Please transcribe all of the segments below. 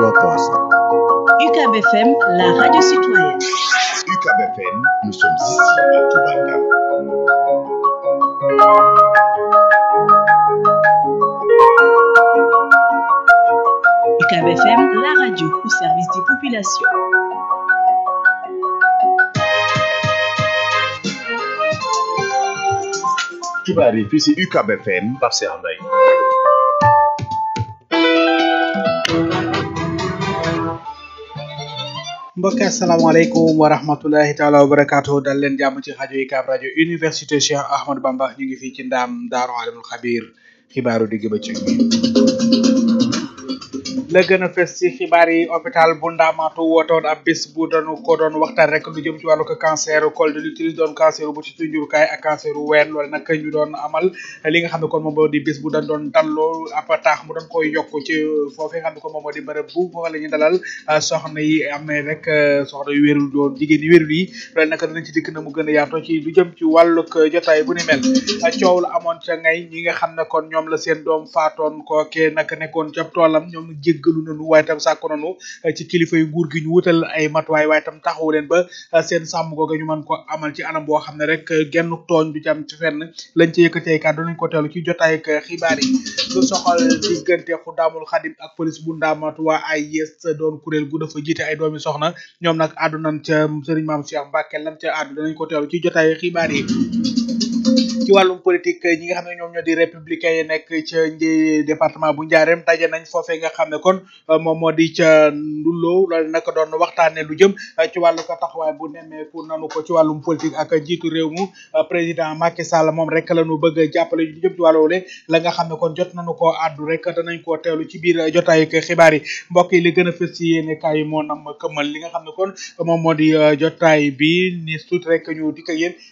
proposa. la radio citoyenne. UCAB FM, nous sommes ici la radio au service des populations. yi fii si UCAB mbokk asalaamaaleykum wa rahmatulahi taala wa barakaatu dal leen jàmm ci rajo UCAB rajo université Cheikh Ahmadou Bamba ñu ngi fii ci ndaam daaru alimul xabir xibaaru digg bëccëg la gën a fes ci xibaar yi hôpital bu Ndaamaatu wootoon ab bis bu doonu ko doon waxtaan rek lu jëm ci wàllu cancer bu ci njurukaay di bis bu dañ doon dalloo ab mu doon koy ci foofee nga xam ne kon moom moo di bërëb bu foofa la ñu dalal ah, soxna yi amee rek ah, soxna yu wérul a ah, coow la amoon ca ngay ñi xam ne kon ñoom la seen doom faatoon kookee nag nekkoon ca toolam ñoom jéggalu nanu waaye tam sàkku nanu eh, ci kilifa yu nguur gi ñu wutal ay matuwaay waaye tam taxawu leen ba eh, seen sàmm googa ñu mën ko amal ci anam boo xam ne rek eh, genn tooñ bi jam ci fenn lañ ci yëkkatee kàddu nañ ko teelu ci jotaay ak xibaar yi lu soxal diggante Xuddaamul ak police bu ndaamatu waa ay yes doon kuréel gu dafa jiite ay doomi soxna ñoom nag àddu nañ ca sëriñ maam Cheikh Mbacke lam ca àddu danañ ko teelu ci jotaay xibaar yi ci wàllum politique ñi nga xam ne ñoom ñoo di républicain yi nekk ca département bu Njaareem daje nañ foofee nga xam kon euh, moom moo di ca Ndullo loolu nag doon waxtaane lu jëm euh, ci wàllu ko taxawaay bu nemmeeku nanu ko ci wàllum politique ak njiitu réew mu euh, président Macky Sall moom rek la ñu bëgg a jàppale lu jëm ci wàllu wole la nga xam ne kon jot nañu koo àddu rek danañ koo ci biir jotaay ak yi mbokk yi li gën a fës ci yéene kaay yi moo nam këmal li nga xam ne kon moom di jotaay bi ni suut rek ñu dikk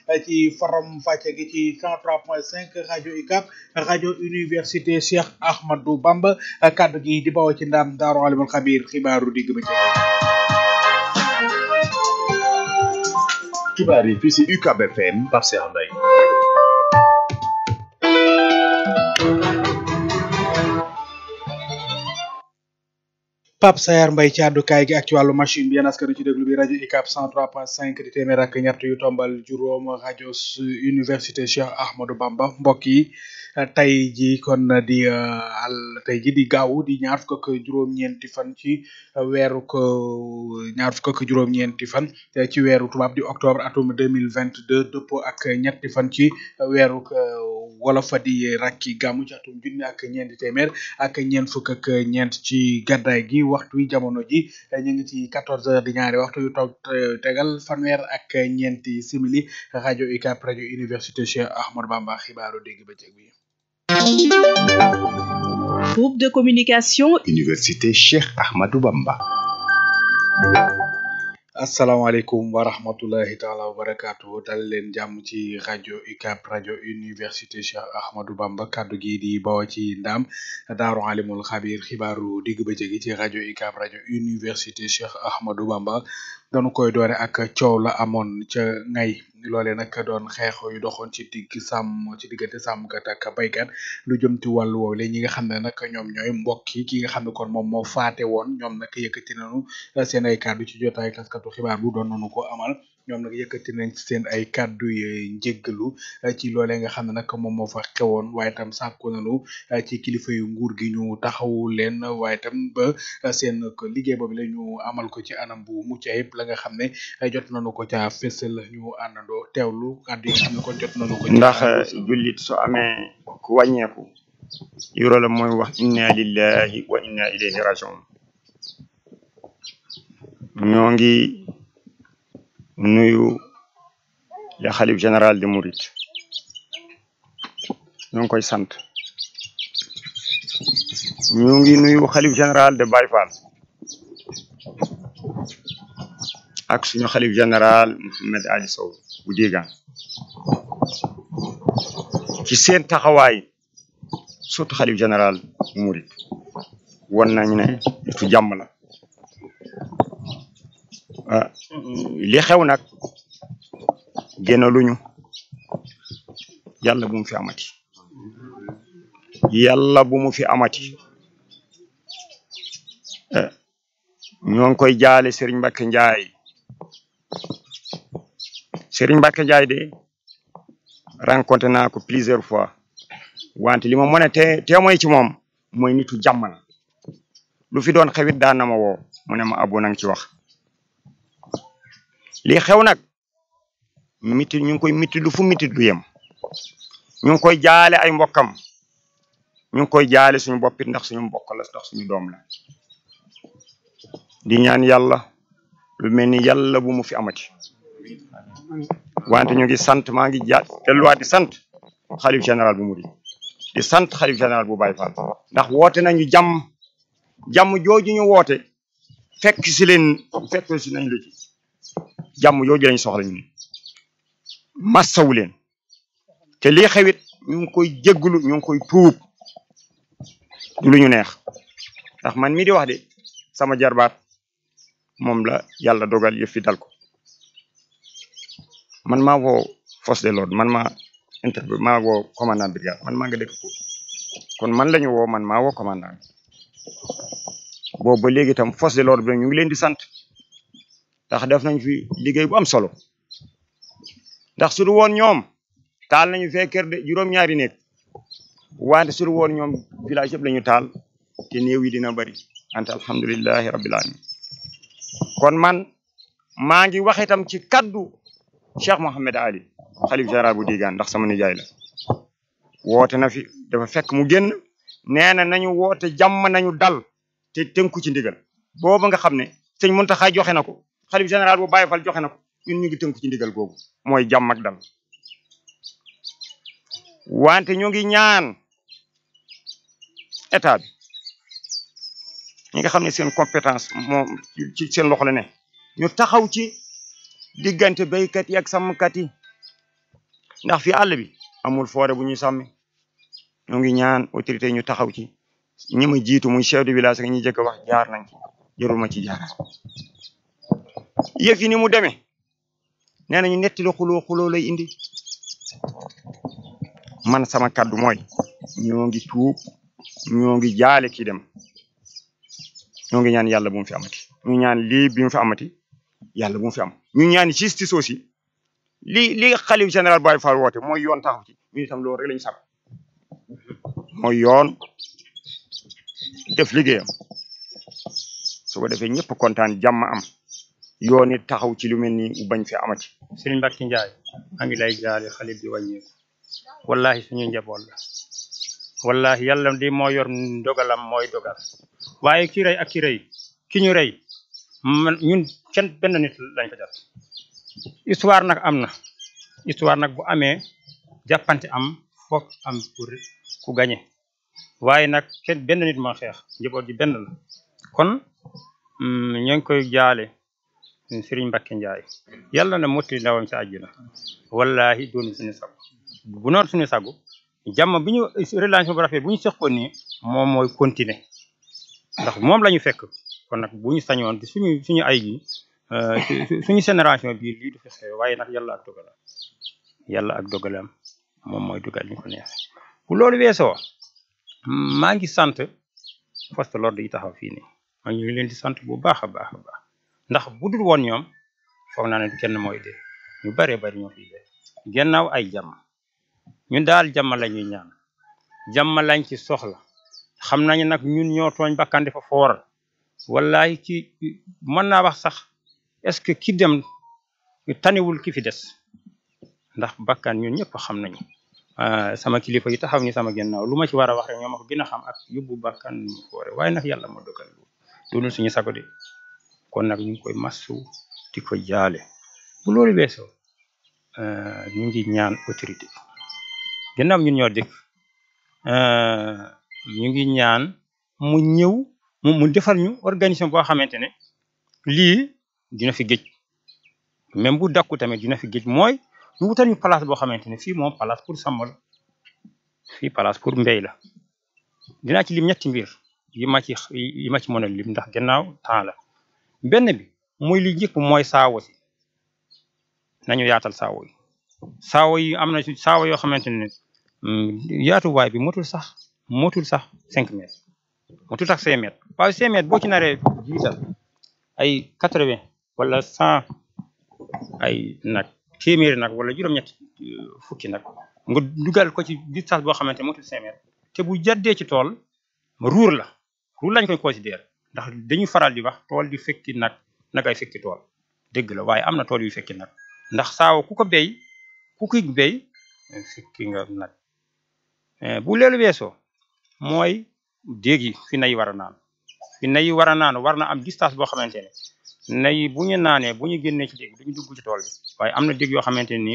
ak ci faram fàcce gi ci ci 103.5 rajo UCAB rajo université Cheikh Ahmadou Bamba kaddu gi di bawoo ci ndam Daaru Alimul Xabiir xibaaru digg ba xibaar yi fii si UCAB FM Pape Cheikh Mbaye Pape Sayar mbay ci àddukaay gi ak ci wàllu machine bi yéen askan ci déglu bi rajo UCAB 103.5 di téeméer ak ñett yu tombal juróom rajo université Cheikh Ahmadou Bamba mbokk yi tey ji kon di euh, al tey ji di gaaw di ñaar fukk ak juróom-ñeenti fan ci weeru ko ñaar fukk ak fan ci weeru tubaab di octobre atum 2022 dëppoo ak ñetti fan ci weeru euh, wolof di rakki gàmmu ci atum junni ak ñeenti téeméer ak ñeent ci gàddaay gi waxtu wi jamono ji ñu ngi ci quatorze heures di ñaari waxtu yu toog tegal fanweer ak ñeenti simili rajo UCAB rajo université Cheikh Ahmadou Bamba xibaaru dégg bëccëg bi groupe de communication université Cheikh Ahmadou Bamba asalaamaaleykum wa rahmatullahi taala wa barakaatu dal leen jàmm ci rajo UCAB rajo université Cheikh Ahmadou Bamba kaddu gi di bawoo ci ndaam daaru alimul xabir xibaaru digg ba gi ci rajo UCAB rajo université Cheikh Ahmadou Bamba dañu koy doore ak coow la amoon ca ngay loolee nag doon xeexoo yu doxoon ci digg sàmm ci diggante sàmmkat ak baykat lu jëm ci wàllu woowu ñi nga xam ne nag ñoom ñooy mbokk yi ki nga xam ne kon moom moo faate woon ñoom nag yëkkati nañu eh, seen ay kàddu ci jotaay taskatu xibaar bu doon nañu ko amal ñoom nag yëkkati nañ seen ay kàddu njéggalu eh, ci loolee nga xam ne nag moom moo fa xewoon waaye tam sàkku nanu eh, ci kilifa yu nguur gi ñu taxawu leen waaye tam ba eh, seen liggéey boobu la ñu amal ko ci anam bu mucc ayib la nga xam ne jot na nañu ko ca fésal ñu àndandoo teewlu kàddu yi nga xam ne kon jot nañu ko. ndax julit su amee ku wàññeeku. yurala mooy wax inna lillahi wa inna ilayhi rajiun ñoo ngi. nuyu le xalif général de Mouride ñu ngi koy sant ñu ngi nuyu xalif général de Baye ak suñu xalif général Mouhamed Ali Sow bu Diegane ci seen taxawaay surtout xalif général Mouride won nañ ne nitu jàmm la li xew nag génnaluñu yàlla bu mu fi amati yàlla bu mu fi amati eh, ñoo ngi koy jaale Serigne Mbacke njaay Serigne Mbacke njaay de rencontré naa ko plusieurs fois wante li ma mën a te témoin ci moom mooy nitu jàmm la lu fi doon xewit daan na ma woo mu ne ma abu ci wax li xew nag miti ñu ngi koy miti lu fu miti lu yem ñu ngi koy jaale ay mbokkam ñu ngi koy jaale suñu boppit ndax suñu mbokk la suñu doom la di ñaan yàlla lu mel ni yàlla bu mu fi amati wante ñu ngi sant maa ngi ja delluwaat di sant xalif général bu murid di sant xalif général bu Baye Fall ndax woote nañu jàmm jàmm jooju ñu woote fekk si fekk si nañ la jàmm yooju lañ soxla ñun massawu leen te lii xewit ñu koy jégglu ñu koy tuub du lu ñu neex ndax man mii di wax de sama jarbaat moom la yàlla dogal yëf fi ko man maa woo force de l'ordre man ma interview maa woo commandant brigade man maa nga dëkk foofu kon man lañu ñu woo man maa woo commandant boobu ba léegi itam force de l'ordre bi ñu leen di ndax def nañ fi liggéey bu am solo ndax su woon ñoom taal nañu fee kër de juróom-ñaari nekk wante su du woon ñoom village yëpp la taal te néew yi dina bëri ante alhamdulilahi rabbil alamin kon man maa ngi wax itam ci kaddu Cheikh Mouhamed Ali xalif général bu Diegane ndax sama nijaay la woote na fi dafa fekk mu génn neena nañu woote jàmm nañu dal te tënku ci ndigal booba nga xam ne sëñ Muntaxa joxe na ko xalif général bu Baye Fall joxe na ñun ñu ngi tënku ci ndigal googu mooy jàmm ak wante ñu ngi ñaan état bi ñi nga xam ne seen compétence moo ci seen loxo la ne ñu taxaw ci diggante béykat yi ak sàmmkat yi ndax fi àll bi amul foore bu ñuy sàmmi ñu ngi ñaan autorité ñu taxaw ci ñi ma jiitu muy chef de village ak ñi jëkk wax jaar nañ ci jarul ma ci jaar yëf ni mu deme nee nañu netti la xuloo xuloo lay indi man sama kaddu mooy ñoo ngi tuub ñoo ngi jaale kii dem ñoo ngi ñaan yàlla bu mu fi amati ñu ñaan lii bi mu fi amati yàlla bu mu fi am ñu ñaan justice aussi lii li xalif général Baye Fall woote mooy yoon taxaw ci ñu itam loolu rek lañu sàkk mooy yoon def liggéeyam su ko defee ñëpp kontaan jàmm am yoon it taxaw ci lu mel ni bañ fi amati. Serigne Mbacke Ndiaye maa ngi lay jaale xale bi wàññeeku wallahi suñu njaboot la wallahi yàlla di moo yor ndogalam mooy dogal waaye ki rey ak ki rey ki ñu rey man ñun kenn benn nit lañ ko jot histoire nag am na histoire nag bu amee jàppante am foog am pour ku gañe waaye nag kenn benn nit moo xeex njaboot ji benn la kon mm, ñoo ngi koy jaale. Serigne Mbacké Ndiaye yàlla na mottali ndawam ci àjjuna wallahi doon suñu sago bu noon suñu sago jàmm bi ñu eh, relation bu rafet bu ñu seqoon nii moom mooy continuer ndax moom lañu fekk kon nag buñu sañoon suñu suñu ay gi euh, suñu génération bii lii du fexe waaye nag yàlla ak dogalam yàlla ak dogalam moom mooy dugal ñu ko neex bu loolu weesoo maa ngi sant force de l'ordre yi taxaw fii nii maa ngi leen di sant bu baax a baax a baax ndax bu dul woon ñoom foog naa ne kenn mooy dee ñu baree bari ñoo fi dee gannaaw ay jàmm ñun daal jàmm la ñuy ñaan jàmm lañ ci soxla xam nañu nag ñun ñoo tooñ bakkan dafa foor wallahi ci mën naa wax sax est-ce que ki dem taniwul ki fi des ndax bakkan ñun ñëpp xam nañu ah, sama kilifa yi taxaw ni sama gannaaw lu ma ci war a wax rek ñoo ma ko gën a xam ak yóbbu bakkan ñu foore waaye nag yàlla moo dogal loolu suñu sago de kon nag ñu ngi koy masu di ko jaale bu loolu weesoo euh, ñu ngi ñaan autorité gannaaw ñun ñoo dëkk euh, ñu ngi ñaan mu ñëw mu defal ñu organisation boo xamante ne lii dina fi géej même bu dakku tamit dina fi géej mooy ñu wutal ñu place boo xamante ne fii moom palace pour sàmm la fii place pour mbéy la dinaa ci lim ñetti mbir yi ma ci yi ma ci mën a lim ndax gannaaw temps benn bi mooy li njëkk mooy saawo si nañu yaatal saawo yi saawo yi am na saawo yoo xamante ne mm, yaatuwaay bi motul sax motul sax cinq mètres motul sax cinq mètres waaye cinq boo ci naree jiital ay quatre vingt wala cent ay nag téeméeri nag wala juróom-ñett euh, fukki nag nga dugal ko ci distance boo xamante ne motul cinq te bu jaddee ci tool ruur la ruur lañ koy considérer ndax dañu faral di wax tool di fekki nag nagay fekki tool dëgg la waaye am na tool yu fekki nag ndax saawa ku ko béy ku ki béy eh, fekki nga nag eh, bu leelu weesoo mooy déeg yi fi nay war a naan fi nay war a naan war na am distance boo xamante ne nay bu ñu naanee bu ñu génnee ci déeg duñu dugg ci tool bi waaye am na déeg yoo xamante ni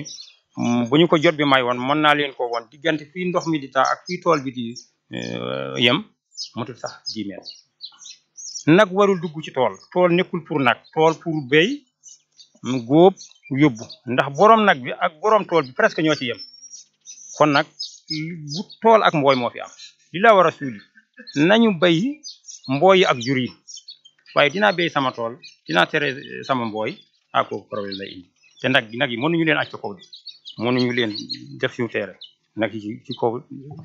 mm, bu ñu ko jot bi may woon mën naa leen ko woon diggante fii ndox mi di taa ak fii tool bi di eh, yem motul sax 10 nag warul dugg ci tool tool nekkul pour nag tool pour béy mu góob yóbbu ndax borom nag bi ak borom tool bi presque ñoo ci yem kon nag bu tool ak mbooy moo fi am li laa war a suuli nañu béy mbooy ak jur yi waaye dinaa béy sama tool dinaa tere sama mbooy ak ah, kooku problème lay indi te nag nag yi mënuñu leen aj ci kaw bi mënuñu leen def suñu teere nag yi ci kaw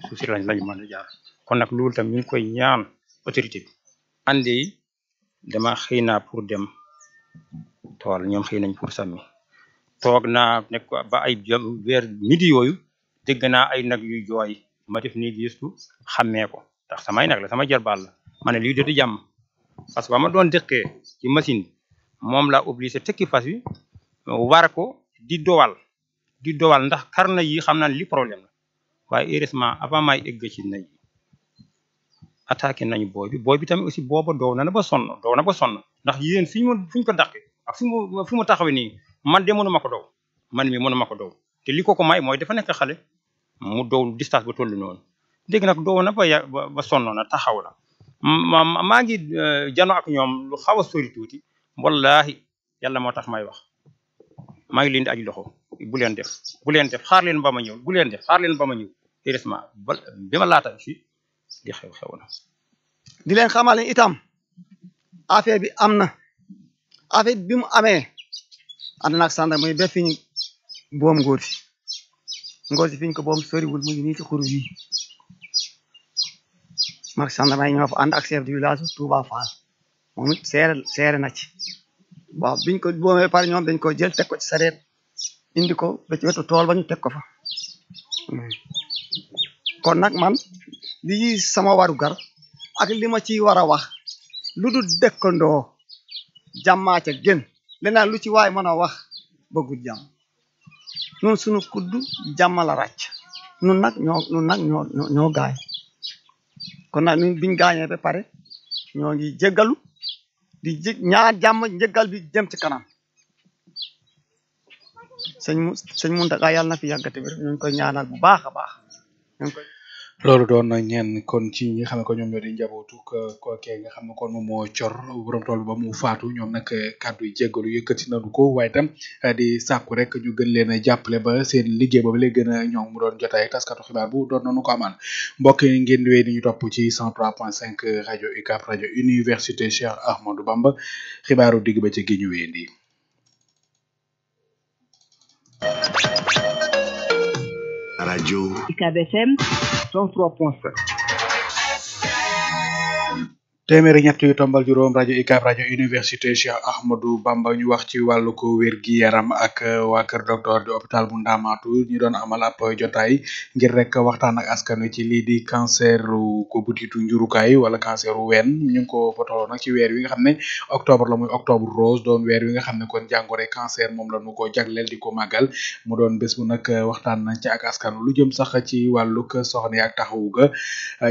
suuf si lañ lañu mën a jaar kon nag loolu tam ñu ngi koy ñaan autorité ànde yi dama xëy naa pour dem tool ñoom xëy nañ pour sàmmi toog naa nekk ba ay weer midi yooyu dégg naa ay nag yuy jooy ma def nii gistu xàmmee ko ndax samay nag la sama jarbaal la ma ne lii dëti jàmm parce que ba ma doon dëkkee ci machine moom laa obligé tekki fas wi war ko di dowal di dowal ndax kar na yi xam naa li problème la waaye heureusement avant may egg ci nañ attaqué nañu booy bi booy bi tamit aussi booba doow na na ba sonn doow na ba sonn ndax yéen fi ñu ma ko dàqee ak fi mu fi mu taxawee nii man de mënu ma ko doow man mi mënu ma ko doow te li ko ko may mooy dafa nekk xale mu doow distance ba tollu noonu dégg nag doow na ba ya ba sonnoon na taxaw la maa ngi euh, jano ak ñoom lu xaw a sori tuuti wallahi yàlla moo tax may wax maa ngi leen di aj loxo bu leen def bu leen def xaar leen ba ma ñëw bu leen def xaar leen ba ma ñëw heureusement ba bi ma laata fii li xew di leen xamale itam affaire bi am na affaire bi mu amee ànd naag sànda mooy ba fi ñu boom ngóor si ngóor ko boom soriwul mu ngi nii ci xur wi mag sànda may ñoo fa ànd ak chef du village Touba Fall moom seere seere na ci waaw biñ ko boomee pare ñoom dañ ko jël teg ko ci sareet indi ko ba ci tool ba ñu teg ko fa hmm. kon nag man lii sama warugar ak li ma ci war a wax lu dul dëkkandoo jàmmaa ca gën leneen lu ci waay mën a wax bëggul jàmm ñun sunu kuddu jàmma la ràcc nun nag ñoo kon nag ñun biñ gaañee ba pare ñoo ngi jéggalu di jég ñaar jàmm njëggal bi jëm ci kanam sëñ mu sëñ Muntaxa yàlla na fi yàggati bi ñu koy ñaanal bu baax a baax loolu doon ñenn kon ci ñi nga xam ne ko ñoom ñoo di njabootu kookee nga xam ne kon moom moo cor borom tool ba mu faatu ñoom nag eh, kàddu yi jéggalu na nañu ko waaye tam eh, di sàkku rek ñu gën leen a jàppale ba seen liggéey boobu lay gën a ñoom mu doon jotaay taskatu xibaar bu doon nañu ko amal mbokk yi ngeen di wéy di ñu topp ci 103.5 rajo UCAB rajo université Cheikh Ahmadou Bamba xibaaru digg ba ci gi ñu wéyandi. rajo UCAB FM. 63.5 téeméeri ñett yu tombal juróom rajo UCAB rajo université Cheikh Ahmadou Bamba ñu wax ci wàllu ko wér gi yaram ak euh, waa kër docteur di hôpital bu Ndamatou ñi doon amal ab jotaay ngir rek waxtaan ak askan wi ci lii di cancer ko butitu njurukaay wala cancer ween ñu ko fotoloo nag ci weer wi nga xam ne octobre la muy octobre rose doon weer wi nga xam ne kon jàngore cancer moom la ñu ko jagleel di ko màggal mu doon bés bu nag waxtaan nañ ci ak askan lu jëm sax ci wàllug soxna ak taxawu ga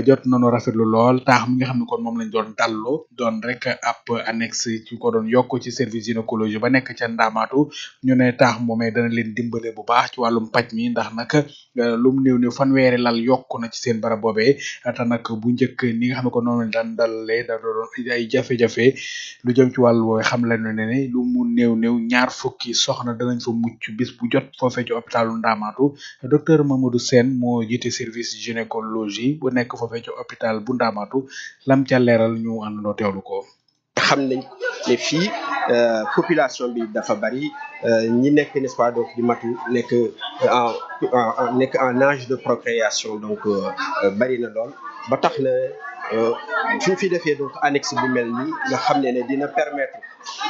jot nañu rafetlu lool taax mi nga xam ne kon moom lañ doon doon dallu doon rek ab annexe ci ko doon yokk ci service gynécologie ba nekk ca ndaamaatu ñu ne taax moomee dana leen dimbale bu baax ci wàllum paj mi ndax nag eh, lu mu néew néew fanweeri lal yokk na ci seen barab boobee te nag bu njëkk ni nga xam ne ko noonu daan dalle da ay jafe-jafe lu jëm ci wàllu woowe xam lañu ne ne lu mu néew néew ñaar fukki soxna danañ fa mucc bis bu jot foofee ci hôpitalu ndaamaatu docteur Mamadou Sène moo jiite service gynécologie bu nekk foofee ci hôpital bu ndaamaatu lam ca leeral ñu àndandoo teewlu ko. xam nañ ne fii euh, population bi dafa bari euh, ñi nekk n'est-ce pas di matu nekk euh, en nekk en âge de procréation donc bari na lool ba tax na suñ euh, fi defee donc annexe bu mel nii nga xam ne ne dina permettre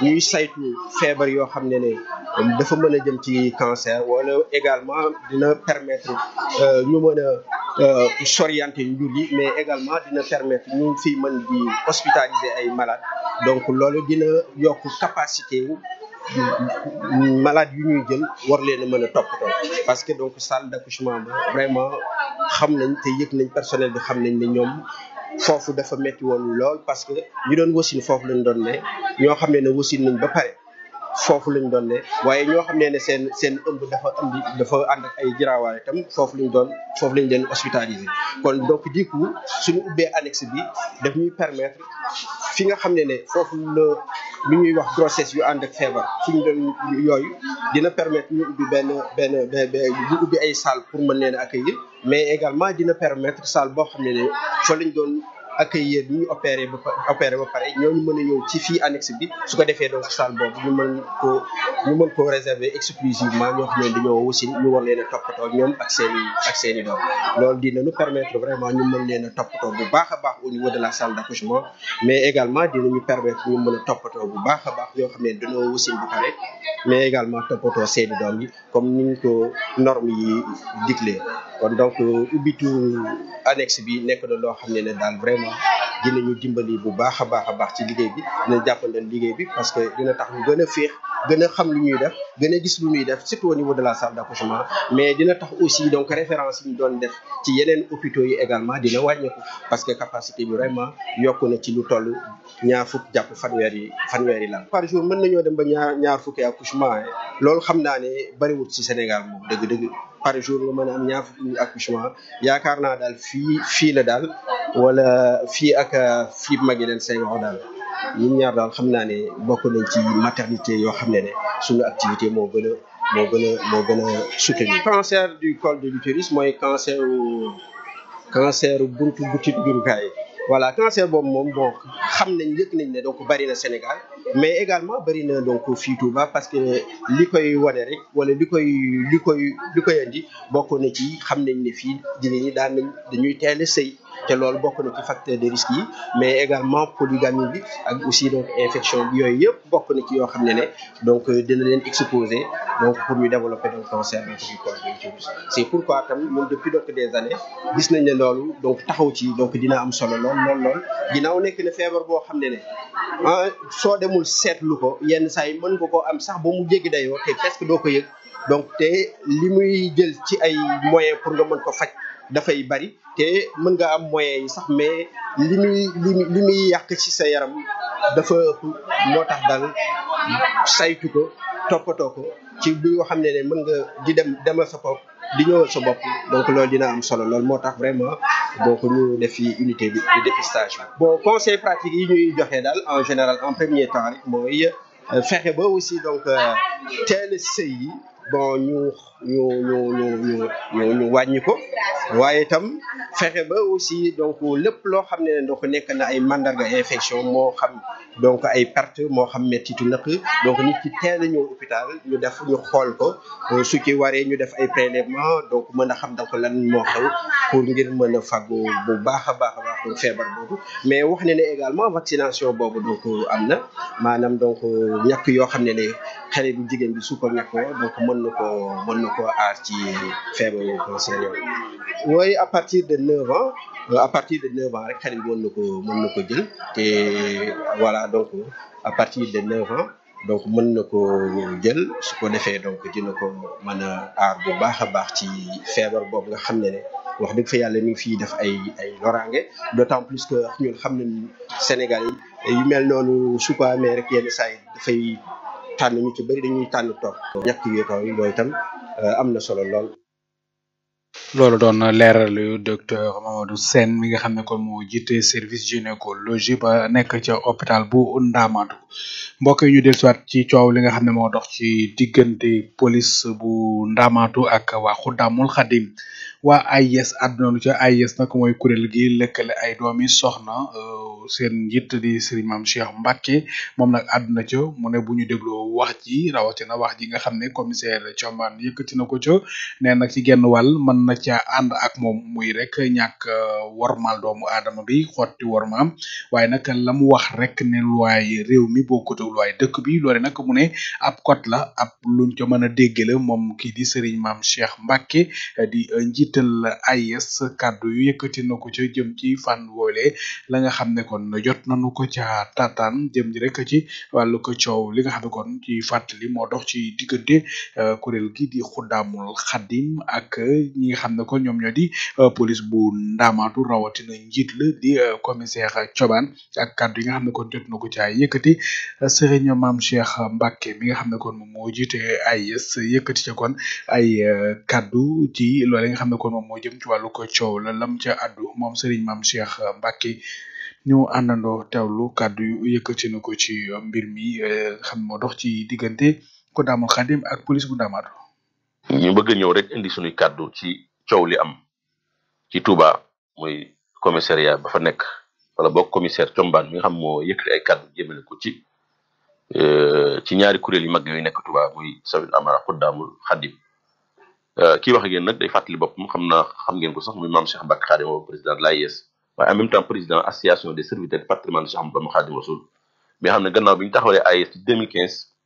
ñuy saytu feebar yoo xam ne ne euh, dafa mën a jëm ci cancer wala également dina permettre euh, ñu mën a s'orienter njur yi mais également dina permettre ñu fi man di hospitaliser ay malade donc loolu dina yokk capacité wu malade yu ñuy jël war leen a mën a topp toppatoo parce que donc salle d'accouchement ba vraiment xam nañ te yëg nañ personnel bi xam nañ ne ñoom foofu dafa metti woon lool parce que ñu doon wasin foofu lañ doon ne ñoo xam ne ne wasin nañ ba pare foofu lañ doon ne waaye ñoo xam ne ne seen seen ëmb dafa ëmb dafa ànd ak ay jiraawaay tam foofu lañ doon foofu lañ leen hospitalisé kon donc du suñu ubbee annexe bi daf ñuy permettre fi nga xam ne ne foofu la lu ñuy wax grossesse yu ànd ak feebar suñ doon yooyu dina permettre ñu ubbi benn benn ñu ubbi ay salle pour mën leen a accueillir mais également dina permettre salle boo xam ne ne fa lañ doon accueillir ñu opéré ba opéré ba pare ñooñu mën a ñëw ci fii annexe bi su ko defee donc salle boobu ñu mën ko ñu mën exclusivement ñoo xam ne dañoo wasin ñu war leen a toppatoo ñoom ak seen i ak seen i doom loolu dinañu permettre vraiment ñu mën leen a toppatoo bu baax a baax au niveau de la salle d'accouchement mais également dinañu permettre ñu mën a toppatoo bu baax a baax ñoo xam ne dañoo wasin bu pare mais également toppatoo seen i doom yi comme ñu ko normes yi diglee kon donc ubbitu annexe bi nekk na loo xam ne ne daal vraiment dina ñu dimbali bu baax a baax a baax ci liggéey bi dina jàppandal liggéey bi parce que dina tax ñu gën a féex a xam lu ñuy def gën a gis lu ñuy def surtout au niveau de la salle d'accouchement mais dina tax aussi donc référence yi doon def ci yeneen hôpitaux yi également dina wàññeeku parce que capacité bi vraiment yokku na ci lu toll ñaar fukk jàpp fanweer yi fanweer yi lan par jour mën na nañoo dem ba ñaar ñaar fukki accouchement loolu xam naa ne bariwul ci Sénégal moom dëgg-dëgg par jour nga mën a am ñaar fukki accouchement yaakaar naa daal fii fii la daal wala fii ak euh, fii Maguilène Senghor daal ñun ñaar daal xam naa ne bokk nañ ci maternité yoo xam ne ne suñu activité moo gën moo gën a moo gën a soutenir cancer du col de l'utérus mooy cancer cancer buntu butit jurukaay voilà cancer boobu moom bon xam nañ yëg nañ ne donc bari na Sénégal mais également bari na donc fii Touba parce que li koy wane rek wala li koy li koy li koy indi bokk na ci xam nañ ne fii jigéen ñi daan nañ dañuy teel a sëy te loolu bokk na ci facteur de risque yi mais également polygamie bi ak aussi donc infection bi yooyu yëpp bokk na ci yoo xam ne ne donc euh, dina leen exposer donc pour ñu développer donc cancer donc du col de l'utérus c'est pourquoi tam ñun depuis donc années gis nañ ne loolu donc taxaw ci donc dina am solo lool lool lool ginnaaw nekk na feebar boo xam ne ne ah soo demul seetlu ko yenn saa yi mën ko koo am sax ba mu jéggi dayoo te que doo ko yëg donc te li muy jël ci ay moyen pour nga mën ko faj dafay bari te mën nga am moyens yi sax mais li muy li muy li muy yàq ci sa yaram dafa ëpp moo tax dal saytu ko toppatoo ko ci bi nga xam ne ne mën nga di dem demal sa bopp di ñëwal sa bopp donc loolu dina am solo loolu moo tax vraiment boo ko ñu def fi unité bi de dépistage bi. bon conseil pratique yi ñuy joxe daal en général en premier temps moo mooy euh, fexe ba aussi donc euh, teel sëy yi ñu. ñu ñu ñu ko waaye itam fexe ba aussi donc lépp loo xam ne donc nekk na ay màndarga infection moo xam donc ay perte moo xam mettitu nag donc nit ci teel a ñëw hôpital ñu def ñu xool ko euh, su ci waree ñu def ay prélèvement donc mën a xam donc lan moo xew pour ngir mën a faggu bu baax a baax a baax donc feebar boobu mais wax ne ne également vaccination boobu donc am na maanaam donc euh, ñàkk yoo xam ne ne xale jigéen bi su ko ñàkkoo donc mën na ko mën na koo aar ci feebar yi cancer yooyu à partir de neuf ans euh, à partir de neuf ans rek xarit mën na ko mën na ko jël te voilà donc à partir de neuf ans donc mën na ko jël su ko defee donc dina ko mën a aar bu baax a baax ci feebar boobu nga xam ne ne wax dëgg fa yàlla mi ngi fiy def ay ay loraange d'autant plus que ñun xam nañ Sénégal yi mel noonu su ko amee rek yenn saa yi dafay tànn ñu ci bëri dañuy tànn toog ñàkk wéetoo yi loolu itam euh, am na solo lool loolu doon leeralu docteur Mamadou seen mi nga xam ne kon moo jiite service gynécologie ba nekk ca hôpital bu Ndamatou mbokk yi ñu dellusiwaat ci coow li nga xam ne moo dox ci diggante police bu Ndamatou ak waxu Xudaamul Xadim waa AIS àdduna lu ca ay AIS nag mooy kuréel gi lëkkale ay doomi soxna euh, seen njiit di Serigne Mame Cheikh Mbacke moom nag àdduna ca mu ne bu ñu dégloo wax ji rawatina wax ji nga xam ne commissaire Thiombane yëkkati na ko ca nee nag ci genn wàll mën na caa ànd ak moom muy rek ñàkk euh, wormaal doomu aadama bi xotti wormaam waaye nag la mu wax rek nen luwaay réew mi bokkut ak luwaay dëkk bi loole nag mu ne ab code la ab luñ ca mën a dégg la moom kii di Serigne Mame Cheikh Mbacke njiital AIS kaddu yu yëkkati na ko ca jëm ci fànn woole la nga xam ne kon jot nañu ko ca taataan jëm ji rek ci wàllu ko coow li nga xam ne kon ci fàttali moo dox ci diggante euh, kuréel gi di xuddaamul xaddim ak euh, ñi nga xam ne kon ñoom ñoo di euh, police bu ndaamaatu rawatina njiit la di commissaire Thioban ak kàddu yi nga xam ne kon jot na ko caa yëkkati sëriñ mi nga xam ne kon moom moo jiite ay kàddu ci loole nga xam ne kon moom moo jëm ci wàllu ko coow la lam ca àddu moom sëriñ maam Cheikh Mbacke ñu àndandoo teewlu kàddu yu yëkkati na ko ci mbir mi eh, xam moo dox ci diggante ko daamul xadim ak police bu Ndamaatu. ñu bëgg ñëw rek indi kàddu ci coow li am ci Touba muy commissariat ba fa nekk wala boog commissaire Thiombane mi nga xam moo yëkkati ay kàddu jëmale ko ci eh, ci ñaari kuréel yu mag yooyu nekk Touba muy Safin Amara ko daamul xadim Euh, kii wax ak yéen day fàttali boppam xam na xam ngeen ko sax muy maam Cheikh Mbacke Khadim Awa président de l'AIS waaye en même temps président association des serviteurs du patrimoine Cheikh Mbacke Khadim mais xam ne gannaaw bi ñu taxawalee AIS ci 2015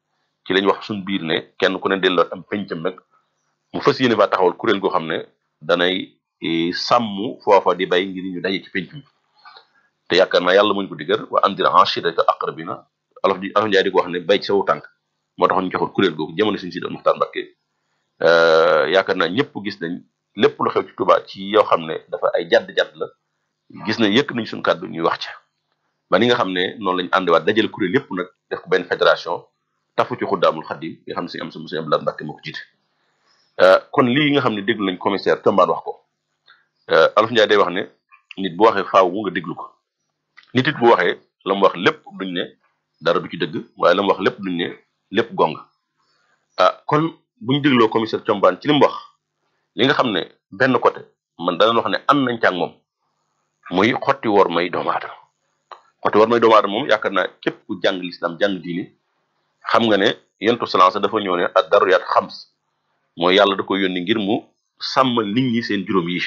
ci lañ wax suñu biir ne kenn ku ne delloo am pencam nag mu fas yéene faa taxawal kuréel goo xam ne danay e, sàmm foofa di bay ngir ñu daje ci penc mi te yaakaar naa yàlla muñ ko digër waa andira enchidaka aqrabina alof di alof Njaay di ko wax ne bay ci sawu tànk moo tax ñu joxoon kuréel googu jamono si doon Muxtaar Mbacke Euh, yaakaar naa ñëpp gis nañ lépp lu xew ci Touba ci yoo xam ne dafa ay jadd-jadd la gis nañ yëkk nañ suñu kàddu ñuy wax ca ba ni nga xam ne noonu lañu àndiwaat dajale kuréel yëpp nag def ko benn fédération tafu ci xuddaamul xaddim nga xam ne si am sa monsieur Abdoulaye Mbacke moo ko jiite euh, kon lii nga xam ne déglu nañ commissaire Tombaan wax ko euh, Alof Ndiaye day wax ne nit bu waxee faaw nga déglu ko nit it bu waxee la mu wax lépp duñ ne dara du ci dëgg waaye la wax lépp duñ ne lépp gong ah kon bu ñu dégloo commissaire Thiombane ci li wax li nga xam ne benn côté man danañ wax ne am nañ càag moom muy xotti war may doomu aadama xotti war may doomu aadama moom yaakaar naa képp ku jàng lislam jàng diini xam nga ne yentu salance dafa ñëw ne ak daruriyaat xams mooy yàlla da koy yónni ngir mu sàmmal nit ñi seen juróom yi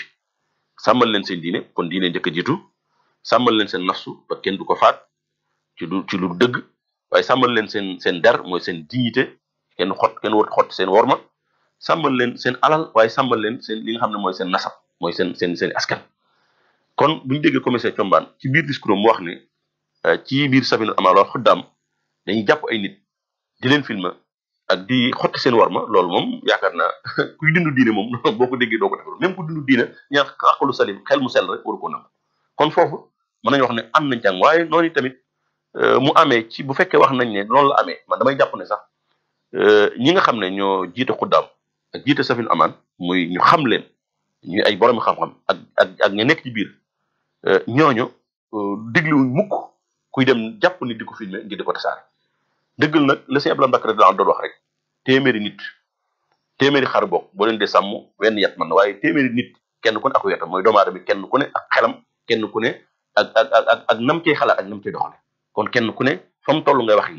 sàmmal leen seen diine kon diine njëkk a jiitu sàmmal leen seen nafsu ba kenn du ko faat ci lu ci lu dëgg waaye sàmmal leen seen seen der mooy seen dignité kenn xot kenn wër xot seen worma sàmmal leen seen alal waaye sàmmal leen seen li nga xam ne mooy seen nasab mooy seen seen seen askan. kon bu ñu déggee commissaire Thiombane ci biir discours mu wax ne euh, ci biir Safinatoul Amaan wal Xudaam dañ jàpp ay nit di leen filmer ak di xotti seen war ma loolu moom yaakaar naa dindu dundu diine moom boo ko déggee doo ko defal même ku dundu diine ñaar xaqalu salim xel mu sell rek waru ko nangu kon foofu mën nañu wax ne am nañ jàng waaye noonu tamit euh, mu amee ci bu fekkee wax nañ ne loolu amee damay jàpp ne sax. Euh, ñi nga xam ne ñoo jiite xuddaam ak jiite safin aman muy ñu xam leen ñu ay boromi xam-xam ak ak ak ñu nekk ci biir euh, ñooñu euh, digluwuñ mukk kuy dem jàpp ni di ko filmé ngir di ko tasaare dëggal nag la sëñ Abdoulaye Mbacke rek doon rek téeméeri nit téeméeri xar bokk boo len de sàmm wen yat man waaye téeméeri nit kenn ku ne ak wetam mooy doomu aadama bi kenn ku ne ak xelam kenn ku ne ak ak ak ak nam cee xalaat ak nam cee doxale kon kenn ku ne fa mu toll ngay wax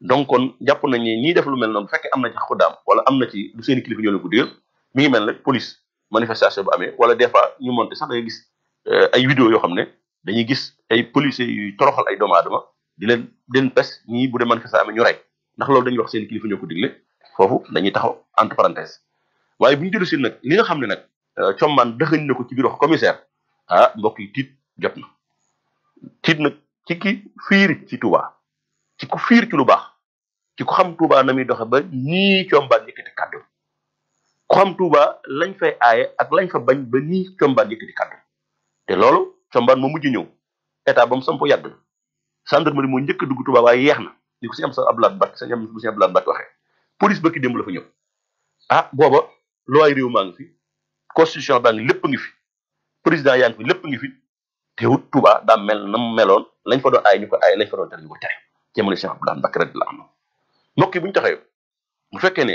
donc kon jàpp nañ ne ñiy def lu mel noonu bu fekkee am na ci xuddaam wala am na ci du seen i kilifa ñoo leen ko digal mi ngi mel rek police manifestation bu amee wala des fois ñu monté sax da gis euh, ay vidéo yoo xam ne dañuy gis ay policiers yuy toroxal ay doomu aadama di leen di leen pes bu dee manifestation amee ñu rey ndax loolu dañuy wax seen i kilifa ñoo dañuy taxaw entre waaye bu ñu jëlee si nag li nga xam ne nag euh, comman dëxëñ ne ko ci biir wax commissaire ah mbokk yi tiit jot na tiit nag ci ki fiir ci Touba. ci ku fiir ci lu baax ci ku xam Touba na muy doxe ba ni combaan yëkkati kàddu ku xam tuuba lañ fay aaye ak lañ fa bañ ba nii combaan yëkkati kàddu te loolu combaan moo mujj ñëw état ba mu samp yàgg na gendarmerie moo njëkk dugg Touba waaye yeex na ni ko si am sa Abdoulaye Bat sa ñam si Abdoulaye Bat waxee police ba ki démb la fa ñëw ah booba looy réew maa ngi fi constitution baa ngi lépp ngi fi président yaa ngi lépp ngi fi teewut Touba daa mel na meloon lañ fa doon aay ñu ko aay lañ fa doon tere jamono Cheikh Abdoulaye Mbacké rek la am mbokk yi bu ñu taxee bu fekkee ne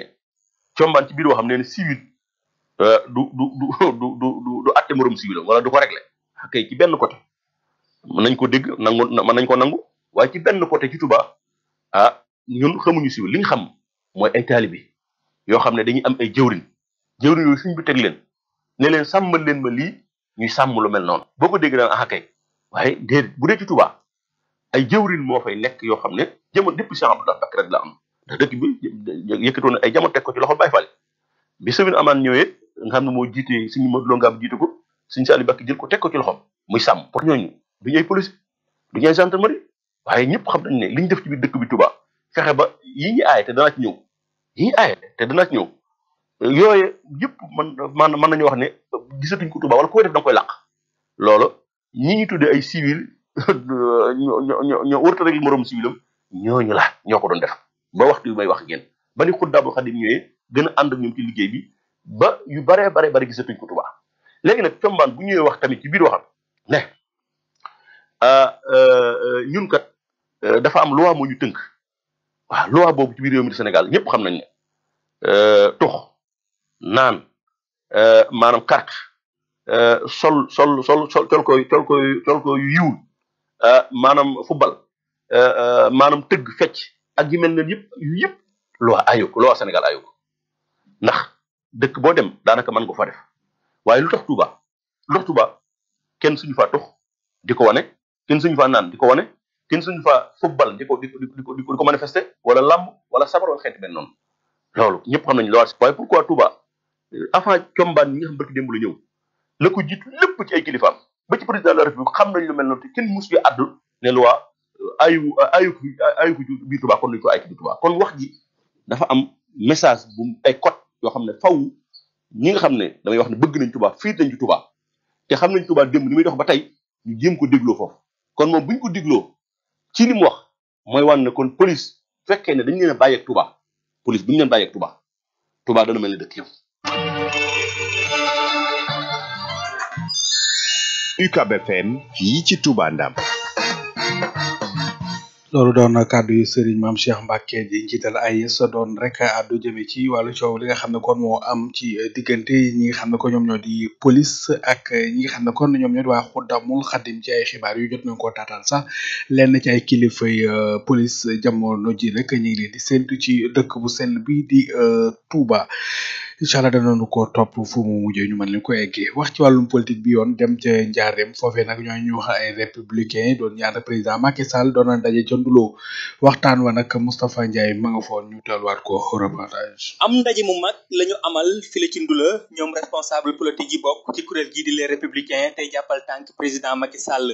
combaan ci biir boo xam ne siwil euh, du du du du du du atte morom civil wala du ko réglé kay ci benn côté mën nañ ko dégg nangu mën nañ ko nangu waaye ci benn côté ci Touba ah ñun xamuñu civil li ñu xam mooy ay taalibe yoo xam ne dañuy am ay jëwrin jëwrin yo suñ bi teg leen ne leen sàmmal leen ma lii ñuy sàmm lu mel noonu boo ko dégg daan ah kay waaye déedéet bu Touba ay jëwrin moo fay nekk yoo xam ne jamono depuis Cheikh Abdoulaye Bakk rek la am ndax dëkk bi yëkkatoon ay jamono teg ko ci loxol Baye Fall bi Sëriñ Amaan ñëwee nga xam ne moo jiite suñu Modou Lo Ngam jiite ko suñu Saliou Bakk jël ko teg ko ci loxom muy sàmm pour ñooñ du ñuy police du ñuy gendarmerie waaye ñëpp xam dañ ne li ñu def ci bi dëkk bi Touba fexe ba yi ñu aaye te danaa ci ñëw yi ñu aaye te danaa ci ñëw yooyu yëpp man man mën nañu wax ne gisatuñ ko Touba wala koy def da koy làq loolo ñi ñu tuddee ay civil ñoo ñoo rek morom siwilam ñooñu la ñoo ko doon def ba waxtu bi may wax ak yéen ba ni Xutbaatul Xaadim ñëwee gën a ànd ak ñoom ci liggéey bi ba yu baree bare bare gisatuñ ko Tuubaa léegi nag combaan bu ñëwee wax tamit ci biir waxam ne ah, euh, ñun kat euh, dafa am loi moo ñu tënk waaw loi boobu ci biir réew mi Sénégal ñëpp xam nañ ne euh, tux naan maanaam carte sol sol sol sol col koy koy yiwul Euh, maanaam football euh, euh, maanaam tëgg fecc ak yu mel ne yëpp yu yëpp loi ayu loi Sénégal ayu ndax dëkk boo dem daanaka mën nga fa def waaye lu tax Touba lu tax Touba kenn suñu faa tux di ko wane kenn suñu faa naan di ko wane kenn suñu faa football di ko di ko di ko di wala làmb wala sabar wala xeeti benn noonu loolu ñëpp xam nañ loi waaye pourquoi tuba avant combaan ñi nga xam bëgg démb la ñëw la ko jiitu lépp ci ba ci président de xam nañ lu mel no te kenn mus fi àddu ne loi euh, ayu euh, ayu ayu ko biir Tuubaa kon ko ay ko biir kon wax ji dafa am message bu ay code yoo xam ne faw ñi nga xam ne damay wax ne bëgg nañ Tuubaa fiit nañ ci Tuubaa te xam nañ Tuubaa démb ni muy dox ba tey ñu jéem ko dégloo foofu kon moom bu ñu ko dégloo ci li mu wax mooy wa ne kon police fekkee ne dañu leen a bàyyeeg tuba police bu ñu leen bàyyeeg Tuubaa Tuubaa dana mel ne dëkk yow UCAB FM fii ci Touba Ndam loolu doon kàddu yu sëriñ maam Cheikh Mbacke di njiital AIS doon rek àddu jëme ci wàllu coow li nga xam ne kon moo am ci diggante ñi nga xam ne ko ñoom ñoo di police ak ñi nga xam ne kon ñoom ñoo di waa Xuddamul Xadim ci ay xibaar yu jot nañ ko taataan sax lenn ci ay kilifay euh, police jamono ji rek ñu ngi leen di séntu ci dëkk bu sell bi di euh, Touba. incha allah danañu ko topp fu mu mujjee ñu mën leen ko eggee wax ci wàllum politique bi yoon dem ca njaareem foofee nag ñooy ñu wax ay républicain doon ñaar président Macky Sall doon na daje ca Ndoulo waxtaan wa nag Moustapha Ndiaye ma nga foon ñu teelwaat ko reportage. am ndaje mu mag la ñu amal file ci Ndoulo ñoom responsable politique yi bokk ci kuréel gii di les républicains tey jàppal tànk président Sall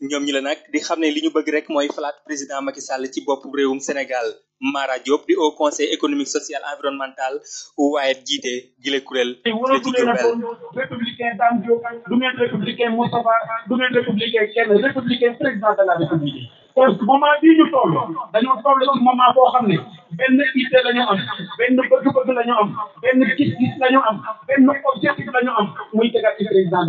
ñoom ñi la nag di xam ne li ñu bëgg rek mooy falaat président Macky Sall ci bopp réewum Sénégal Mara Diop di Haut Conseil économique social environnemental waaye jiite gile kuréel la ci Diourbel républicain Dame Diop du ngeen républicain Moustapha du la république parce que moment dañoo toll ci moment boo xam ne benn idée am benn bëgg-bëgg la am benn gis-gis la ñu am am muy tegaat ci président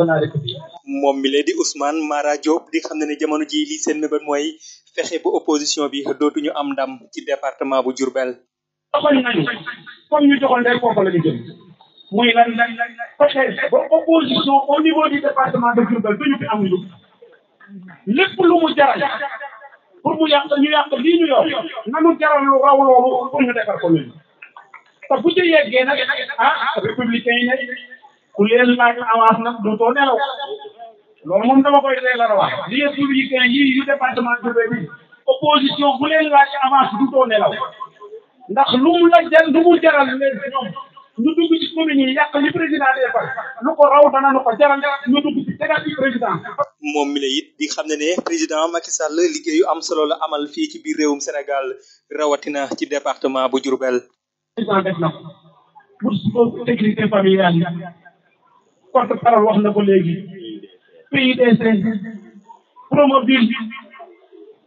moom mi lee di Ousmane Mara Diop di xam ne ne jamono ji li seen mébét mooy fexe ba opposition bi dootuñu am ndam ci département bu Diourbel joxoon nañu comme ñu joxoon léegi kooku la ñu jëm muy lan lan lan fexe ba opposition au niveau du département de Diourbel du ñu fi am lépp lu mu jaral pour mu yàq ñu yàq lii ñu yor nanu jaral lu raw loolu pour ñu defar ko ñun te bu ci yeggee nag ah républicain yi nag ku leen laaj avance nag dootoo nelaw loolu moom dama koy yi yu département de Diourbel bi opposition bu leen laaj avance dootoo ndax lu mu la jël lu mu jaral leen ñoom ñu dugg ci commune yi li président defal lu ko raw dana nu ko jaral ñu dugg ci ci président. moom mi la di xam ne ne président Macky Sall liggéeyu am solo la amal fii ci biir réewum Sénégal rawatina ci département bu Diourbel. président def na ko pour sécurité familiale yi wax na ko léegi PIDC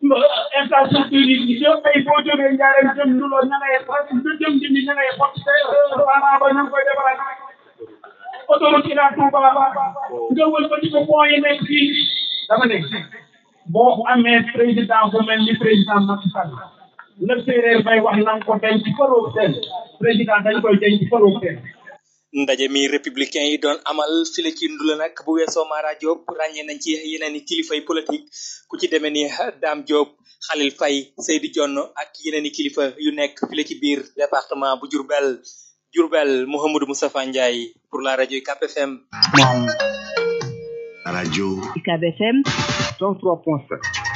infrastructure yi yëpp tey boo jógee Ndiarène jëm ñu lool ña ngay jëm jëm ña ngay xott tey maanaam ba ñu koy defaraat autoroute Ila Touba nga wël ba di ko point yi nekk fii dama ne boo ko amee président bu mel ni président Macky Sall le séeréer bay wax na ko denc faroo seen président dañ koy denc faroo seen ndaje mi républicain yi doon amal file ci ndula nag bu weesoo Mara Diop ràññee nañ ci yeneen i kilifay politique ku ci demee ni Dame Diop Khalil fay Seydou Dione ak yeneen i kilifa yu nekk file ci biir département bu Diourbel Diourbel Mouhamadou Moustapha Ndiaye pour la rajo UCAB FM. rajo. UCAB FM. 103.7.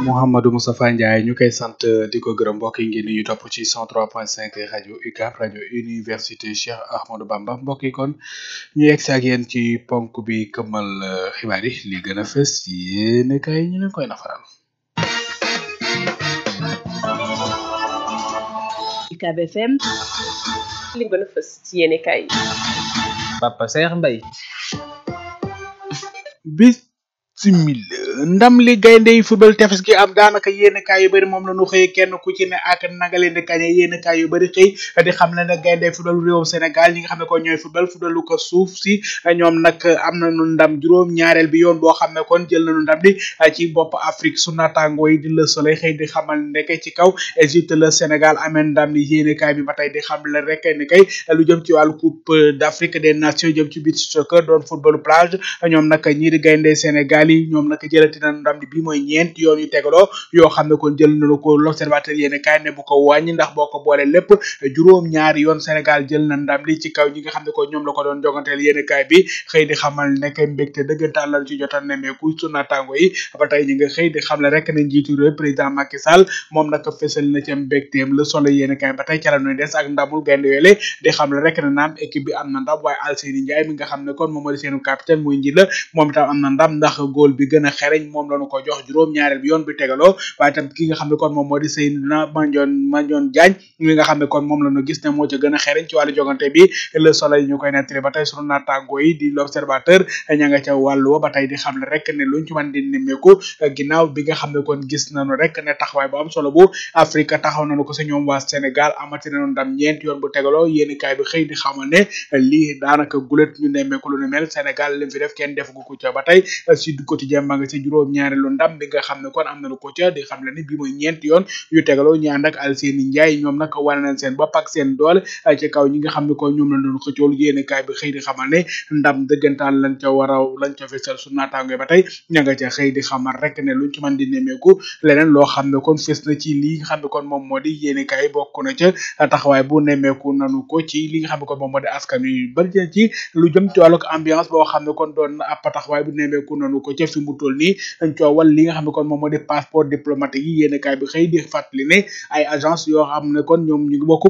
Mouhamadou Moustapha Ndiaye ñu koy sant euh, di ko gërëm mbokk yi ngeen ñu topp ci 103.5 rajo UCAB rajo université Cheikh Ahmadou Bamba mbokk yi kon ñu yegg si ak yéen ci ponk bi këmmal euh, xibaar yi li gën a fës yéen kay ñu leen koy nafaral. UCAB FM li gën a fës ci yéen kay. Papa Cheikh Mbaye. ndam li gayndey football tefes gi am daanaka yéen kaay yu bari moom la ñu xëyee kenn ku ci ne ak naga leen di kañe yéen kaay yu bëri xëy di xam ne nga xam ne kon ñooy football football lu ko si ñoom nag am nañu ndam juróom ñaareel bi yoon boo xam ne kon jël nañu ndam li ci bopp Afrique su naataango yi di Le Soleil xëy di xamal ndeke ci kaw Égypte la Sénégal amee ndam li yéen kaay bi ba tey di xam la rek ni kay lu jëm ci wàllu coupe d'Afrique des nations jëm ci beach soccer doon football plage ñoom nag ñii di gayndey Sénégal yi ñoom jëlati na ndam bi mooy ñeenti yoon yu yoo xam ne kon jël nañu ko l'observateur yéen kaay ne bu ko wàññi ndax boo boole lépp juróom ñaari yoon Sénégal jël na ndam li ci kaw ñi nga ne ko ñoom la ko doon joganteel yéen kaay bi xëy di xamal nekk mbégte dëggantaan lañ ci jotan nemeeku su naataango yi ba tey ñi nga xëy di xam ne rek ne njiitu réew na ci mbégteem le solo yéen kaay ba tey ca la ñuy des mooy seenu la moom itam am ndam ndax góol bi gën a xere xarañ moom la ñu ko jox juróom-ñaareel bi yoon bi tegaloo waaye tam ki nga xam ne kon moom moo di Seydina Mandione Mandione Diagne mi nga xam ne kon moom la ñu gis ne moo ci gën a xarañ ci wàllu jogante bi le soleil ñu koy nettali ba tey sunu naataango yi di l'observateur ña nga ca wàllu ba tey di xam ne rek ne luñ ci mën di nemmeeku ginnaaw bi nga xam ne kon gis nañu rek ne taxawaay bu am solo bu Afrique taxaw nañu ko sa ñoom waa Sénégal amati nañu ndam ñeent yoon bu tegaloo yéeni kaay bi xëy di xamal ne lii daanaka gulet ñu nemmeeku lu ne mel Sénégal lim fi def kenn defu ko ca ba tey Sud Quotidien ma nga ci juróom-ñaareelu ndam bi nga xam ne kon am lu ko ca di xam le ni bi yoon yu tegaloo ñu ànd ak Alseyni Ndiaye ñoom nag wane nañ seen eh, kaw ñi nga xam ne kon ñoom lañ doon xëccool yéenekaay bi xëy di xamal ndam dëggantaan lañ ca war lañ ca su naataango ba tey ña nga ca xëy di xamal rek ne luñ ci mën di nemeeku leneen loo xam ne kon fes na ci lii nga xam kon moom moo di yéenekaay bokk na taxawaay bu nemeeku nanu ko ci li nga xam ne kon moom moo di askan yu bari ci lu jëm ci wàllu ambiance boo xam ne kon doon na ab taxawaay bu nemeeku nanu ko ca fi mu nii gi coowal li nga xam ne kon moom moo di passeport diplomatique yi yéen kaay bi xëy di fàttali ne ay agence yoo xam ne kon ñoom ñu ngi bokk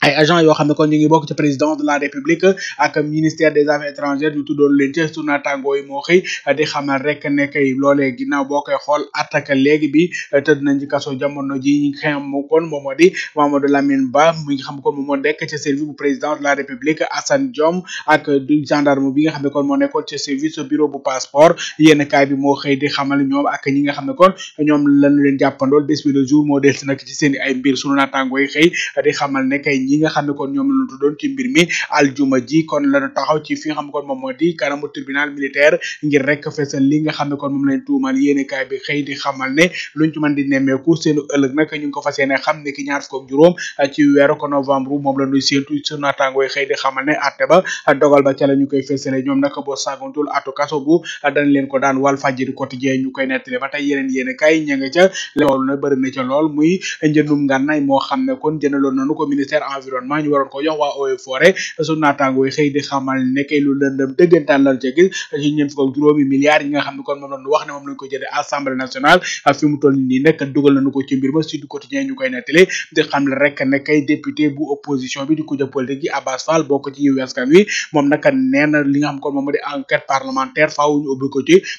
ay agent yoo xam ne kon ñu ngi bokk ci présidence de la république ak ministère des affaires étrangères ñu tuddoon leen ci sunu naataangoo yi moo xëy di xamal ne loolee ginnaaw boo koy xool attaque léegi bi tëdd nañ ci jamono ji ñi nga xam kon moom moo di Mamadou Lamine Ba nga xam kon moom moo nekk ci service président la république Assane Diom ak du gendarme bi nga xam ne kon moo nekkoon ci service bureau bu passeport yénn kaay bi moo xëy di xamal ñoom ak ñi nga xam ne kon ñoom lañ leen jàppandool bés bi le jour moo delsi nag ci seen ay mbir sunu naataangoo yi xëy di xamal ne kay ñi nga xam ne kon ñoom la tuddoon ci mbir mi aljuma ji kon la lañu taxaw ci fi nga xam kon moom moo di kanamu tribunal militaire ngir rek fesal li nga xam ne kon moom lañ tuumal yéenekaay bi xëy di xamal ne luñ ci mën di nemmeeku seenu ëllëg nag ñu ngi ko fas yéene xam ne ki ñaar fukk ak juróom ci weeru ko novembre moom la ñuy séentu sunu naataangoo yi xëy di xamal ne a atte ba dogal ba ca la ñu koy fesale ñoom nag boo sàggantul atu kaso bu dañ leen ko daan wal fajiri quotidien ñu ko nettali ba tey yeneen yéenekaay ña nga ca na bëri na ca muy njëndum ngànnaay moo xam ne kon jëndaloon nañu ko ministère environnement ñu a ko jox waa Eaux et Forêts suñu naataango yi xëy di xamal ne kay lu lëndëm dëggantaan lan ca gis ci ñeent fukk ak yi nga xam ne ko ko ci mbir ma Sud Quotidien ñu koy nettali rek ne kay député bu opposition bi di ko jëpp politique yi Abbas Fall bokk ko ci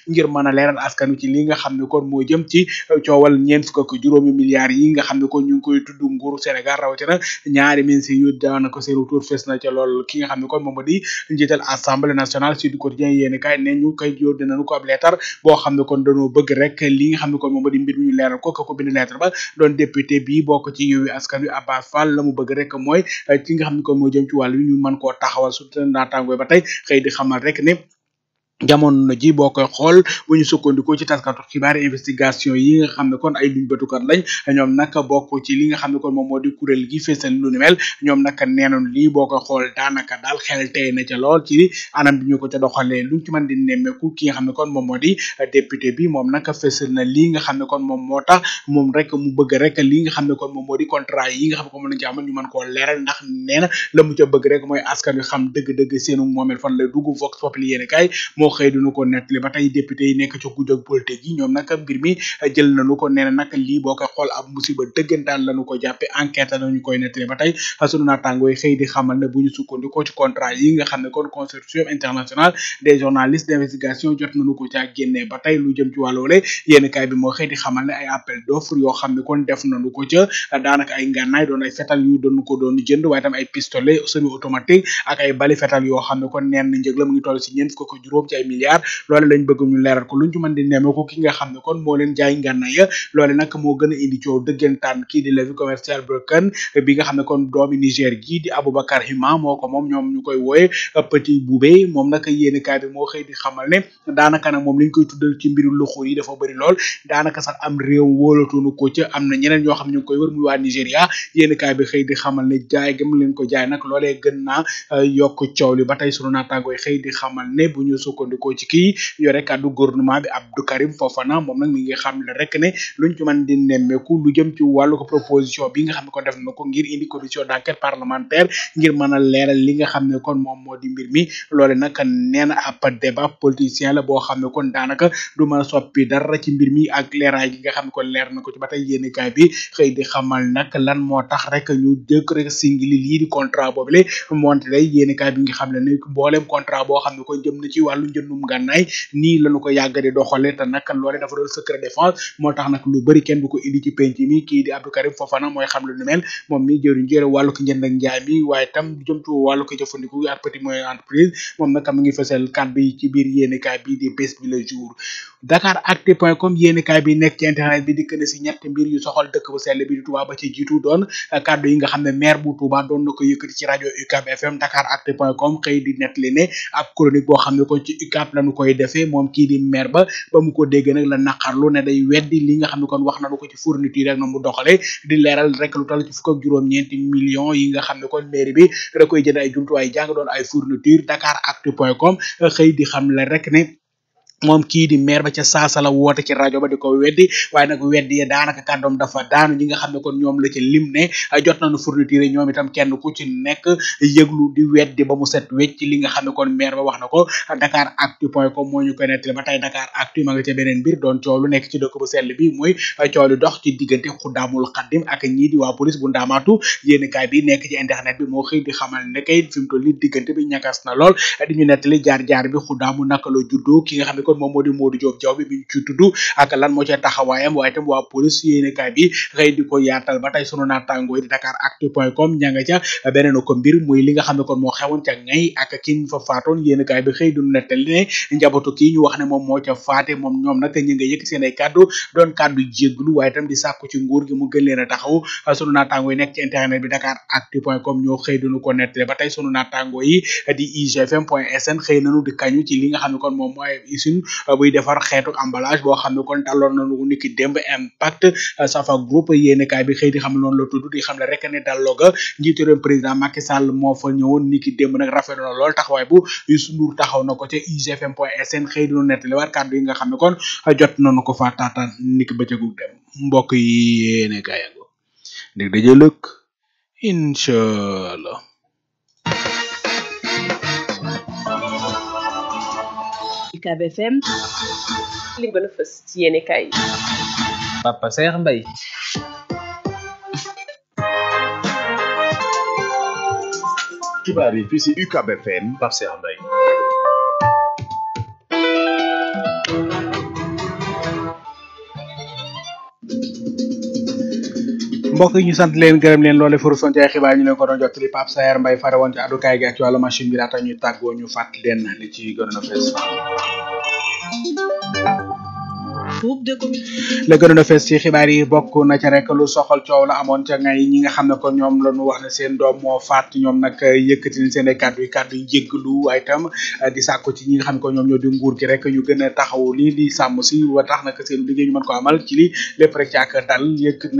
ngir mën a leeral ci li nga xam ne kon moo ci coowal ñeent fukk ak juróomi milliards yi nga xam ne kon ñu koy tudd nguuru Sénégal rawatina ñaari Lamine si yu daanaka seen retour na ca lool ki nga xam ne kon nationale Sud Quotidien yéen kaay ne ñu koy yóbbu leetar boo xam ne kon bëgg rek li nga xam ne mbir mi ñu leeral ko ka ko leetar ba doon député bi bokk ci Yewwi Askan Wi Abbas Fall la bëgg rek mooy ki nga xam ne kon moo jëm ci wàll wi ñu mën koo ba tey xëy xamal rek ne jamono ji boo koy xool bu ñu ko ci taskatu xibaar investigation yi nga xam ne kon ay luñ bëtukat lañ ñoom nag bokk ci li nga xam ne kon moom moo di kuréel gi feesal lu ni mel ñoom nag neenoon lii boo koy xool daal xel tey ca lool ci anam bi ñu ko ca doxalee luñ ci mën di nemmeeku ki nga xam ne kon moom moo di député bi moom na lii nga xam ne kon moom moo tax moom rek mu bëgg rek li nga xam ne kon moom moo di contrat yi nga xam ne kon mën nañ ci amal ñu mën koo leeral ndax nee na la mu ca bëgg rek mooy askan wi xam dëgg-dëgg seenu moomeel fon la dugg vox populi yéene kay ko xëy duñu ko kon consortium international des journalistes d'investigation jot nañu ko caa génnee ba tey lu jëm ci def nañu ko ko jënd waaye tam ay pistolet semi automatique ak ay bali fetal yoo xam kon neen njëg la mu ngi toll si ñeent fukk ko juróom ci ay milliards loole lañ bëgg ñu leeral ko luñ ci mën di nemmee nga xam ne kon moo leen jaay ngànnaay ya loole nag moo gën a indi coow dëggantaan kii di levée commerciale broken bi nga xam ne kon doomi Niger gii di ko moom bi moo xamal ne na ñeneen ñoo xam ñu ngi koy wër muy waa Nigéria yéenekaay bi xëy di xamal ne jaay gam leen ko jaay nag loolee gën naa eh, yokk coow li ba tey sunu naataangoo yi xëy xamal ne bu ñu sukkoon sukkandikoo ci kii yore kàddu gouvernement bi Abdou Karim Fofana moom nag mi ngi xam le rek ne luñ ci mën di nemmeeku lu jëm ci wàllu ko proposition bi nga xam ne def na ko ngir indi commission d'enquête parlementaire ngir mën a leeral li nga xam ne kon moom moo di mbir mi loole nag nee na ab débat politicien la boo xam ne kon daanaka du mën a soppi dara ci mbir mi ak leeraay gi nga xam ne kon leer na ko ci ba tey yéen kaay bi xëy di xamal nag lan moo tax rek ñu dëkk rek singili boo xam njëndum gànnaay nii lañu ko yàgg di doxale te nag loole dafa doon secret défense moo tax nag lu bëri kenn du indi ci penc mi kii di Abdou Karim mooy xam lu nu mel moom mi jëriñ jëre wàllu ko njënd ak waaye tam jëm ci ci jiitu doon kàddu yi nga xam ne bu Touba doon na ko yëkkati ci rajo UCAB FM Dakaractu point com xëy di net ne ab chronique boo xam ne ko UCAP la ñu koy defee moom kii di maire ba ba mu ko dégg nag la naqarlu ne day weddi li nga xam ne kon wax na nañu ko ci fourniture rek na mu doxalee di leeral rek lu toll ci fukk ak juróom-ñeenti million yi nga xam ne kon mairie bi da koy jënd ay jumtuwaay jàng doon ay fourniture Dakaractu point com xëy di xam la rek ne moom kii di maire ba ca saasa la woote ci rajo ba di ko weddi waaye nag weddi daanaka kàddoom dafa daanu ñi nga xam ne kon ñoom la ci lim ne jot nañu fourniture ñoom itam kenn ku ci nekk yëglu di weddi ba mu set wecc li nga xam ne kon maire ba wax na ko Dakar Actu point com moo ñu koy nettali ba tey Dakar Actu ma nga ca beneen mbir doon coow nekk ci dëkk bu sell bi mooy coow lu dox ci diggante xuddaamul xaddim ak ñii di waa police bu ndaamaatu bi nekk ci internet bi moo xëy di xamal ne kay fi na lool di ki nga xam kon moom moo di Modou Diop Diaw bi bi ñu ci tudd ak lan moo ci taxawaayam waaye tam waa police yéenekaay bi xëy di ko yaatal ba tey sunu naataangoo yi di dakaractu.com ña nga ca beneen ko mbir muy li nga xam ne kon moo xewoon ca ngay ak ki ñu fa faatoon yéenekaay bi xëy dunu a igfm sn xëy nanu di kañu ci li nga xam kon moom mooy Chine euh, buy defar xeetu emballage boo xam ne kon daloon nañu ni ki démb impact euh, Safa Group yéenekaay bi xëy di xam noonu la tudd di xam ne rek ne dalloo ga njiitu réew président Macky Sall moo fa ñëwoon ni ki démb nag rafetlu na lool taxawaay bu Youssou Ndour taxaw na ko ca igfm point sn xëy di nettali waat yi nga xam ne kon jot nañu ko fa taataan ni ki bëccëgu dem mbokk yi yéenekaay yango dég daje lëkk incha UCAB FM li gën a fës ci yéene kaay Papa Saer Mbaye xibaar yi mbokk yi sant leen gërëm leen loole faru son ci ay xibaar ñu leen ko doon jottali Pape Saer Mbaye fare woon ci àddukaay gi ak ci machine bi laata ñuy tàggoo ñu fàtt leen li ci gënoon a fees la gënoon a fees ci xibaar yi bokk na ca rek lu soxal coow la amoon ca ngay ñi nga xam ne kon ñoom la ñu wax ne seen doom moo faat ñoom nag yëkkati nañ seen ay kàddu yi kàddu yi jéggalu waaye itam di sàkku ci ñi xam ko ñoom ñoo di nguur gi rek ñu gën a taxaw lii di sàmm si tax nag seen liggéey ñu mën ko amal ci li lépp rek ci ak dal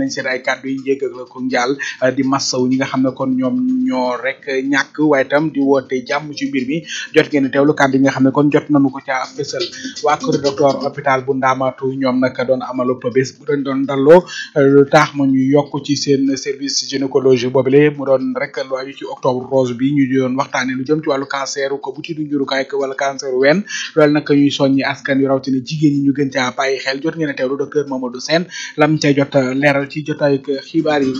nañ seen ay kàddu yi jéggal ko njaal di massaw ñi nga xam ne kon ñoom ñoo rek ñàkk waaye itam di woote jàmm ci mbir mi jot ngeen teewlu kàddu yi nga xam ne kon jot nañu ko ca fësal waa kër docteur hôpital bu ndaamaatu ñoom nag doon amal ab bés bu doon doon dalloo lu ma ñu yokk ci seen service gynécologie boobule mu doon rek lu ci octobre rose bi ñu doon waxtaanee lu jëm ci wàllu cancer ko bu ci du njurukaay ko wala cancer ween loolu nag ñuy soññi askan yu rawatina jigéen ñi ñu gën caa bàyyi xel jot ngeen a teewlu docteur Mamadou Sène lam ca jot leeral ci jotaayu xibaar yi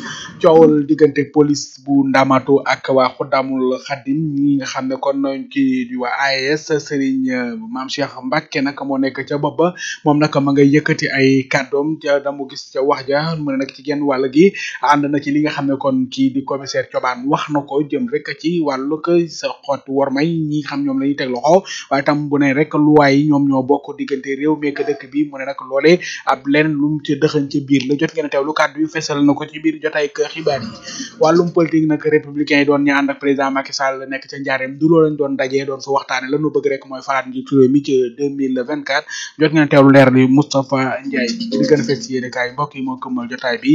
coowal diggante police bu Ndamatu ak waa Xuddamul Xadim ñi nga xam ne kon ki di waa AES Serigne Mame Cheikh Mbacke nag moo nekk ca bopp moom nag ma nga yëkkati ay kàddoom ca damu gis ca wax ja mu ne ci genn wàll gi ànd na ci li nga xam ne kon kii di commissaire Thioban wax na ko jëm rek ci wàllu ko sa xoot war may ñi xam ñoom la ñuy teg loxo waaye tam bu ne rek luwaay yi ñoom ñoo bokk diggante réew meek dëkk bi mu ne nag loolee ab leneen lu mu ca dëxañ ca biir la jot ngeen teewlu kàddu yu fesal na ko ci biir jotaay kër xibaar yi wàllum politique nag républicain yi doon ñu ànd ak président Macky Sall nekk ca njaareem du loo Moustapha Ndiaye ci li gën a fes yéene kaay mbokk yi moo këmmal jotaay bi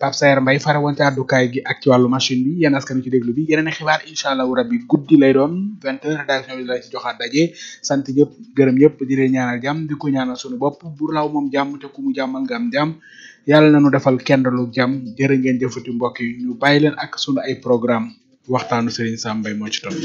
Pape Saer Mbaye fara woon ci àddukaay gi ak ci wàllu machine bi yéen askan mi ci déglu bi yeneen xibaar incha allahu rabbi guddi lay doon vingt heures rédaction bi dala ci joxaat daje sant ñëpp gërëm ñëpp di leen ñaanal di ko ñaanal suñu bopp bu raw moom jàmm te ku mu jàmmal nga am jàmm yàlla nañu defal kendalu jàmm jërë ngeen jëfati mbokk yi ñu bàyyi leen ak suñu ay programme waxtaanu Serigne Sam Mbaye moo ci topp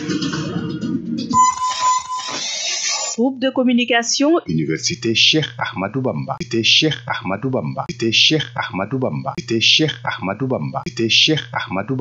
groupe de communication université Cheikh Ahmadou Bamba cité Cheikh Ahmadou Bamba cité Cheikh Ahmadou Bamba cité Cheikh Ahmadou Bamba cité Cheikh Bamba